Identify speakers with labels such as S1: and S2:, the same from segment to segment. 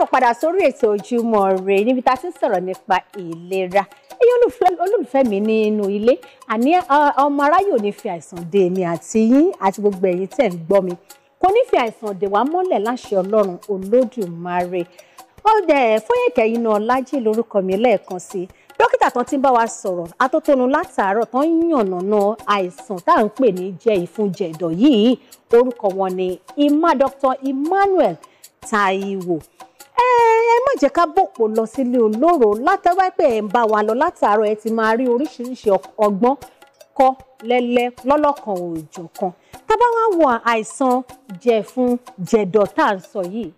S1: káàbọ̀ padà sórí ètò ojúmọ́ ire níbi tá a ti ń sọ̀rọ̀ nípa ìlera ẹ̀yin olólùfẹ́ mi nínú ilé àní ọmọ aráyò ní fi àìsàn dè mí àti yín àti gbogbo ẹ̀yin tẹ̀ ń gbọ́ mi kò ní fi àìsàn dè wá mọ́lẹ̀ láṣẹ ọlọ́run olódùmarè ọdẹ Fóyèkẹ́ Inaọlájí lórúkọ mi lẹ́ẹ̀kan sí dókítà tán ti ń bá wa sọ̀rọ̀ atótónu látàárọ̀ tán yànnàná àìsàn tá à ń pè ní jẹ ìfúnjẹ ìdọ̀ yìí orúkọ wọn ni Emma Dr. Emmanuel Taiwo ẹ má jẹ́ ká bòpò lọ sílé olóró látàwá pé ẹ̀ ń bá wa lọ látàárọ̀ ẹ ti máa rí oríṣiríṣi ọgbọ́n kọ́ lẹ́lẹ́ lọ́lọ́kan òòjọ̀kan tá bá wá wo àìsàn jẹ̀fun jẹ̀dọ̀ tá à ń sọ yìí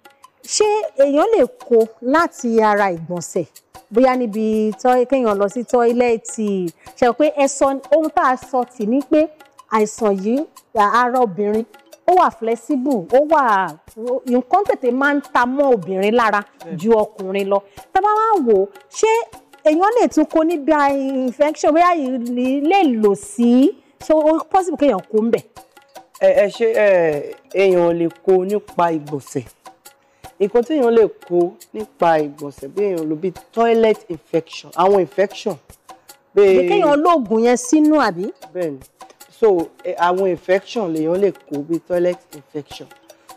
S1: ṣé èèyàn lè kó láti ara ìgbọ̀nsẹ̀ bóyá níbi kéèyàn lọ sí tọ́ílẹ̀tì ṣe pé ẹ sọ ohun tá a sọ tì ní pé àìsàn yìí ara obìnrin ó wà flexible ó wà nǹkan tètè máa ń ta mọ́ obìnrin lára ju ọkùnrin lọ tá a bá wá wò ó ṣé èèyàn lè tún kó níbi infection bóyá lè lò sí ṣé ó possible kéèyàn kó ń bẹ̀.
S2: ẹ ṣe èèyàn lè kó nípa ìgbọ̀nsẹ̀ nǹkan tí èèyàn lè kó nípa ìgbọ̀nsẹ̀ bí èèyàn lò bí toilet infection àwọn infection. bí kéèyàn lóògùn yẹn sínú àbí. bẹ́ẹ̀ni so eh, àwọn infection lèèyàn lè kó bí toilet infection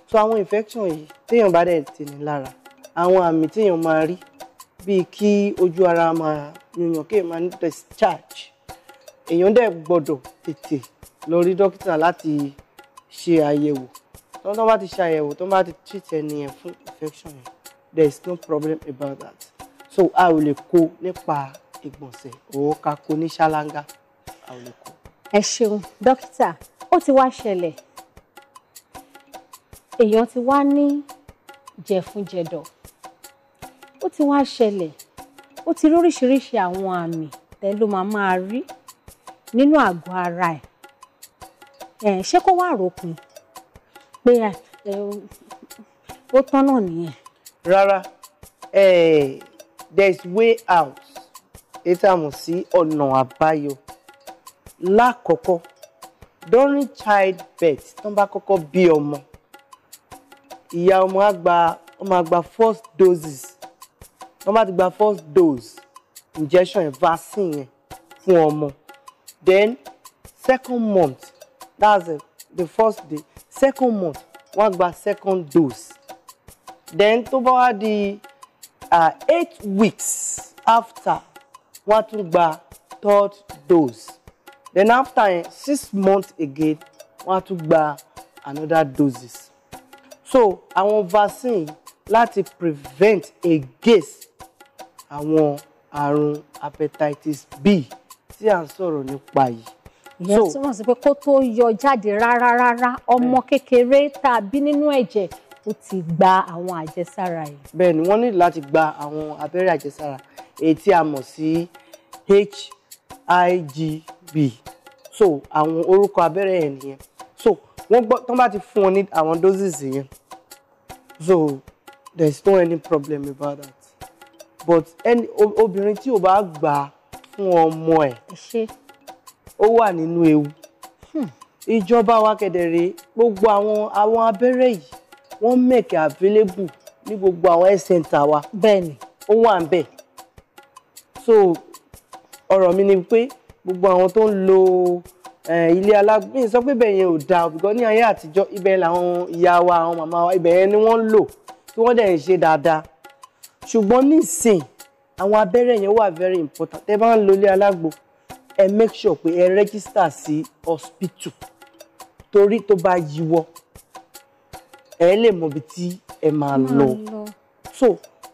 S2: so àwọn infection yìí téèyàn bá dẹ̀ tì ní lára àwọn àmì téèyàn máa rí bíi kí ojú ara máa yùnyàn kéèyàn máa ní discharge èèyàn dẹ̀ gbọ́dọ̀ tètè lọ rí dókítà láti ṣe àyẹ̀wò tó bá ti ṣe àyẹ̀wò tó bá ti treat ẹni yẹn fún infection yẹn there is no problem about that so a ò lè kó nípa ìgbọ̀nsẹ̀ òun ká kó ní ṣáláńgá a ò
S1: lè kó ẹ ṣeun dókítà ó ti wá ṣẹlẹ̀ èèyàn ti wá ní jẹ̀fun-jẹ̀dọ̀ ó ti wá ṣẹlẹ̀ ó ti lóríṣiríṣi àwọn àmì tẹ́ ló máa máa rí nínú àgọ́ ara ẹ̀ ẹ̀ ṣé kó wá ròpin pé ó tán náà nìyẹn.
S2: rárá there is way out ètò àmọ̀ sí ọ̀nà àbáyọ lákọ̀ọ́kọ́ during childbirth tó ń bá kọ́kọ́ bí ọmọ ìyá ọmọ á gba ọmọ á gba first doses wọ́n bá ti gba first dose injection yẹn vaccine yẹn fún ọmọ then second month that's it, the first day second month wọ́n á gba second dose then tó bá wá di ah, eight weeks after wọ́n á tún gba third dose then after yẹn eh, six months again wọ́n á tún gba another doses so àwọn vaccine láti prevent against àwọn àrùn hepatitis B tí à ń sọ̀rọ̀ nípa yìí.
S1: ìyẹn túmọ̀ sí pé kó tó yọ jáde rárá rárá ọmọ hmm. kékeré tá a bí nínú ẹ̀jẹ̀ ó ti gba àwọn àjẹsára yìí.
S2: bẹ́ẹ̀ ni wọ́n ní láti gba àwọn abẹ́rẹ́ àjẹsára èyí tí a mọ̀ sí H igb so àwọn orúkọ abẹ́rẹ́ yẹn nìyẹn so wọ́n gbọ́ tán bá ti fún ọ ní àwọn doses yẹn so there is no any problem about that but any obìnrin tí o bá gbà á fún ọmọ ẹ̀ ó wà nínú ewu hmm. ìjọba wa kẹdẹrẹ gbogbo àwọn àwọn abẹ́rẹ́ yìí wọ́n mẹkẹ available ní gbogbo àwọn health center wa bẹ́ẹ̀ni ó wà ń bẹ so ọ̀rọ̀ mi ni pé gbogbo àwọn tó ń lo ilé alágbèyìn sọ pé bẹ́ẹ̀ yẹn ò dáa bìkọ́ ní ayé àtijọ́ ibẹ̀ làwọn ìyá wa àwọn màmá wa ibẹ̀ yẹn ni wọ́n ń lò tí wọ́n dẹ̀ ń ṣe dáadáa ṣùgbọ́n nísìn àwọn abẹ́rẹ́ yẹn wà very important tẹ́ bá ń lo ilé alágbo ẹ make sure pé ẹ register sí hospital torí tó bá yíwọ́ ẹ lè mọ ibi tí ẹ máa lọ so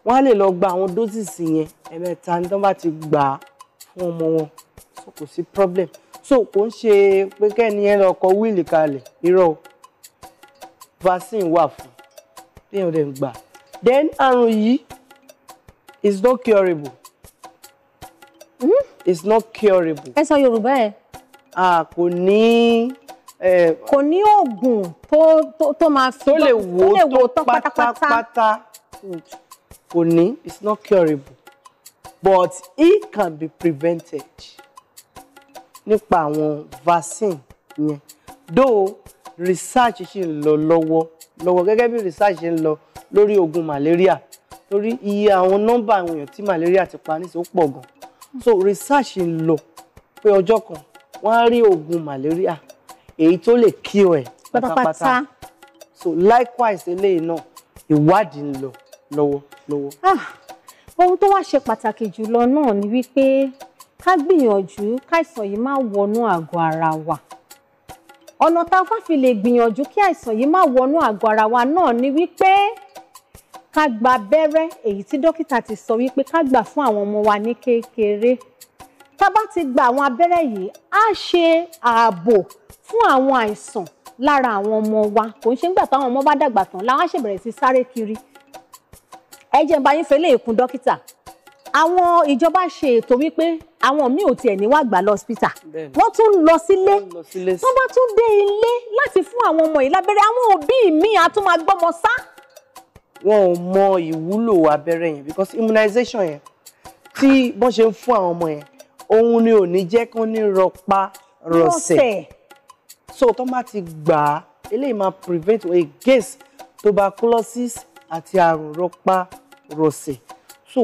S2: wọ́n á lè lọ gba àwọn doses yẹn ẹ̀mẹ́ta ní wọ́n bá ti gbà á fún ọmọ wọn so kò sí problem so kò ń ṣe pé kẹ́ni ẹ lọ́ọ́ kọ wíìlì kalẹ̀ irọ́ o vaccine wà fún téèyàn dẹ̀ ń gbà then àrùn yìí is not curable mm? is
S1: not curable. ẹ sọ Yorùbá ẹ. a kò ní. kò ní oògùn tó tó máa fi tó lè wò tó pátápátá
S2: kò ní is not curable but it can be prevented nípa àwọn vaccine yẹn though research ṣì ń lọ lọ́wọ́ lọ́wọ́ gẹ́gẹ́ bí research ṣe ń lọ lórí oògùn malaria torí iye àwọn nọ́mbà àwọn èèyàn tí malaria ti pa nísìnyí ó pọ̀ gan so research ń lọ pé ọjọ́ kan wọ́n á rí oògùn malaria èyí tó lè kí ọ ẹ̀ pátápátá
S1: so likewise eléyìí náà
S2: ìwádìí ń lọ lọ́wọ́lọ́wọ́.
S1: Ah! ohun tó wá ṣe pàtàkì jùlọ náà ni wípé ká gbìyànjú káìsàn yìí má wọnú àgọ́ ara wa ọ̀nà tá a fà fi lè gbìyànjú kí àìsàn yìí má wọnú àgọ́ ara wa náà ni wípé ká gba abẹ́rẹ́ èyí tí dókítà ti sọ wípé ká gbà fún àwọn ọmọ wa ní kékeré tá a bá ti gba àwọn abẹ́rẹ́ yìí á ṣe ààbò fún àwọn àìsàn lára àwọn ọmọ wa kò ń ṣe nígbà táwọn ọmọ bá dàgbà tán làwọn á ṣèbẹ̀rẹ̀ sí sáré kiri ẹ jẹ́ n bá yín fẹ́lẹ́ ìkún dókítà àwọn ìjọba ṣe ètò wípé àwọn míì ò tiẹ̀ ní gbà lọ hospital wọ́n tún lọ sílé wọ́n bá tún dé ilé láti fún àwọn ọmọ yìí lábẹ́rẹ́ àwọn òbí míì á tún máa gbọ́mọ sá.
S2: wọn ò mọ ìwúlò abẹ́rẹ́ yẹn because immunization yẹn tí wọ́n ṣe ń fún àwọn ọmọ yẹn òun ni ò ní jẹ́ kí wọ́n ní rọpa rọ̀sẹ̀ so tó bá ti gbà á eléyìí máa prevent against tuberculosis àti àrùn rọpa rọ̀sẹ̀ so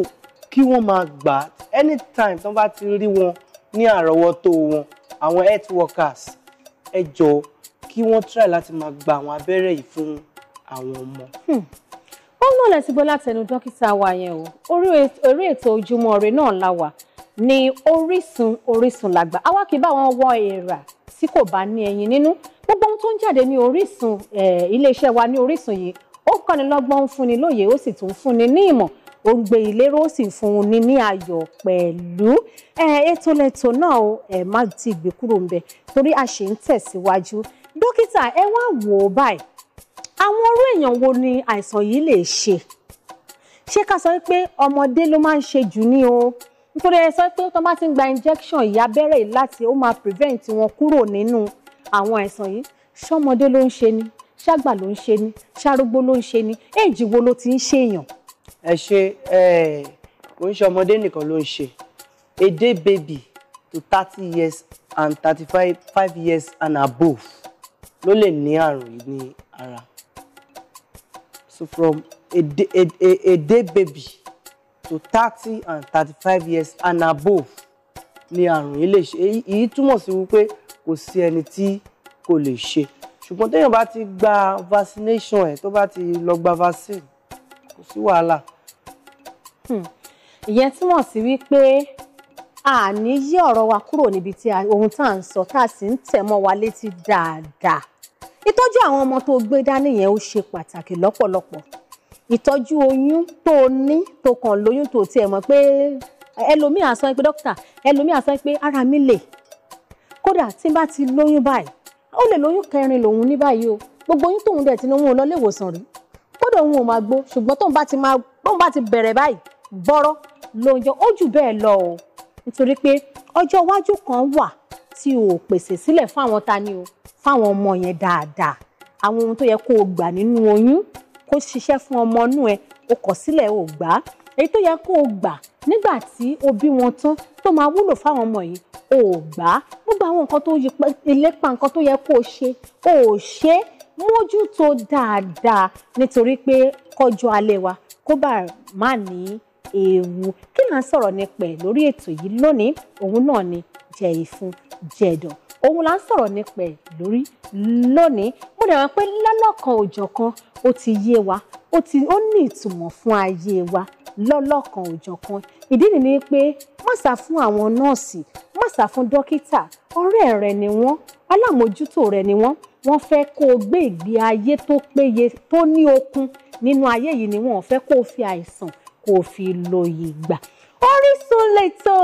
S2: kí wọ́n máa gbà á anytime tí wọ́n bá ti rí wọn ní àrọ́wọ́tó wọn àwọn health workers ẹ jọ kí wọ́n try láti máa gba àwọn abẹ́rẹ́ yìí fún àwọn ọmọ.
S1: Hmm. ó náà lẹ́sìn gbọ́ látẹnu dókítà wa yẹn o e, orí ètò ojúmọ́ ire náà la wà ní Orísun Orísun làgbà àwa kì í bá wọn wọ èèrà tí kò bá ní ẹyin nínú gbogbo ohun tó ń jáde ní Orísun eh, iléeṣẹ́ wa ní Orísun yìí ó kọ́ni lọ́gbọ́n ń fúnni lóye ó sì tún fúnni ní ìmọ̀ ó ń gbé ìlérò ó sì fún un ní ní ayọ̀ pẹ̀lú ètò lẹ́tọ̀ náà ó má ti gbé kúrò ńbẹ̀ torí a ṣì ń tẹ̀síwájú dókítà ẹ wá wò ó báyìí àwọn orú èèyàn wo ni àìsàn yìí lè ṣe ṣé ká sọ pé ọmọdé ló máa ń ṣe jù ní o nítorí ẹ sọ pé tó bá ti ń gba injection ìyá abẹ́rẹ́ yìí láti ó máa prevent wọn kúrò nínú àwọn àìsàn yìí ṣọmọdé ló ń ṣe ni ṣàgbà ló ń ṣe ni ṣàrúgbó ló ń ṣe ni èjì wo ló ti ń ṣèyàn.
S2: ẹ ṣe kò ń ṣe ọmọdé nìkan ló ń ṣe èdè bèbí to thirty years and thirty five five years and above ló lè ní àrùn yìí ní ara so from a day baby to thirty and thirty five years and above ni àrùn yìí lè ṣe èyí túmọ̀ sí wípé kò sí ẹni tí kò lè ṣe ṣùgbọ́n téèyàn bá ti gba vaccination ẹ̀ tó bá ti lọ gba vaccine kò sí wàhálà.
S1: Hmm. ìyẹn túmọ̀ sí wípé a ní yí ọ̀rọ̀ wa kúrò níbi tí ohun tá à ń sọ tá a sì ń tẹ̀ mọ́ wa létí dáadáa ìtọ́jú àwọn ọmọ tó gbé dání yẹn ó ṣe pàtàkì lọ́pọ̀lọpọ̀ ìtọ́jú oyún tó ní tó kàn lóyún tó tiẹ̀ mọ̀ pé ẹlòmíì á sọ pé dókítà ẹlòmíì á sọ pé ara mi lè kódà tí n bá ti lóyún báyìí ó lè lóyún kẹrin lòun ní báyìí o gbogbo oyún tóun dẹ̀ ti ní òun ò lọ ilé ìwòsàn rí kódà òun ò máa gbó ṣùgbọ́n tóun bá ti máa tóun bá ti bẹ̀rẹ̀ báyìí bọ́rọ́ lóúnjẹ ó jù bẹ́ẹ̀ lọ o nítorí pé ọjọ́ iwájú kan wà tí o ò pèsè sílẹ̀ fún àwọn ta ni o fáwọn ọmọ yẹn dáadáa àwọn ohun tó yẹ kó o gbà nínú oyún kó ṣiṣẹ́ fún ọmọ inú ẹ o kọ̀ sílẹ̀ o gbà á èyí tó yẹ kó o gbà nígbà tí o bí wọn tán tó máa wúlò fáwọn ọmọ yìí o ò gbà á gbogbo àwọn nǹkan tó yí ìlépa nǹkan tó yẹ kó o ṣe o ò ṣe é mójútó dáadáa nítorí pé kọjọ alẹ́ wa kó bá má ní ewu kí là ń sọ̀rọ̀ nípa ẹ̀ lórí ètò yìí lónìí òun náà ni jẹ ìfun jẹ̀dọ̀ òun là ń sọ̀rọ̀ nípa ẹ̀ lórí lónìí mo dẹ̀ wá pé lọ́lọ́kan òjọ̀kan ó ti yé wa ó ní ìtumọ̀ fún ayé wa lọ́lọ́kan òjọ̀kan ìdí nìyí pé má sá fún àwọn nọ́ọ̀sì má sá fún dókítà ọ̀rẹ́ rẹ ni wọ́n alámòjútó rẹ ni wọ́n wọ́n fẹ́ kó o gbé ìgbé ayé tó péye tó ní okun nínú ayé yìí ni wọ́n fẹ́ kó o fi àìsàn kó o fi lòyè gbà Orísun lẹ́tọ̀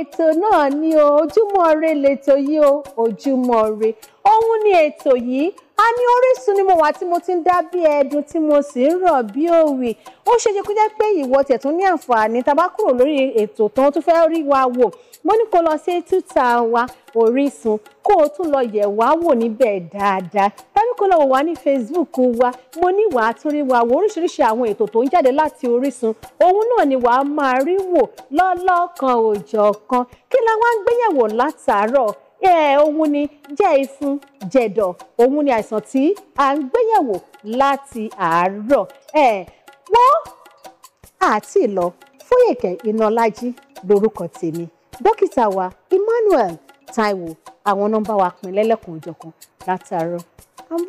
S1: ètò náà ni o Ojúmọ́ Ire lẹ́tọ̀ yìí o Ojúmọ́ Ire òun ni ètò yìí a ní Orísun ni mo wà tí mo ti ń dá bí ẹdun tí mo sì ń rọ̀ bí òwì ó ṣe ṣe kó jẹ́ pé ìwọ tiẹ̀ tún ní àǹfààní tá a bá kúrò lórí ètò tán tó fẹ́ rí wa wò mo ní kó lọ sí túta wa Orísun kó o tún lọ yẹ̀ wá wò níbẹ̀ dáadáa tàbí kó lọ wò wá ní Facebook wa mo ní wàá tún rí wa wò oríṣiríṣi àwọn ètò tó ń jáde láti Orísun òun náà ni wàá máa rí wò lọ́lọ́kan òjọ̀kan kí la wá ń gbéyẹ̀wò látàárọ̀ òun ni jẹ́ ìfun jẹ̀dọ̀ òun ni àìsàn tí à ń gbéyẹ̀wò láti àárọ̀ wọ́n àti ìlọ Fóyèkẹ́ Inaọlájí lórúkọ tèmi dókítà wa Emmanuel Taiwo àwọn nọ́mbà wa pinlẹ́lẹ́kùn òjọ̀kan látàárọ̀ à ń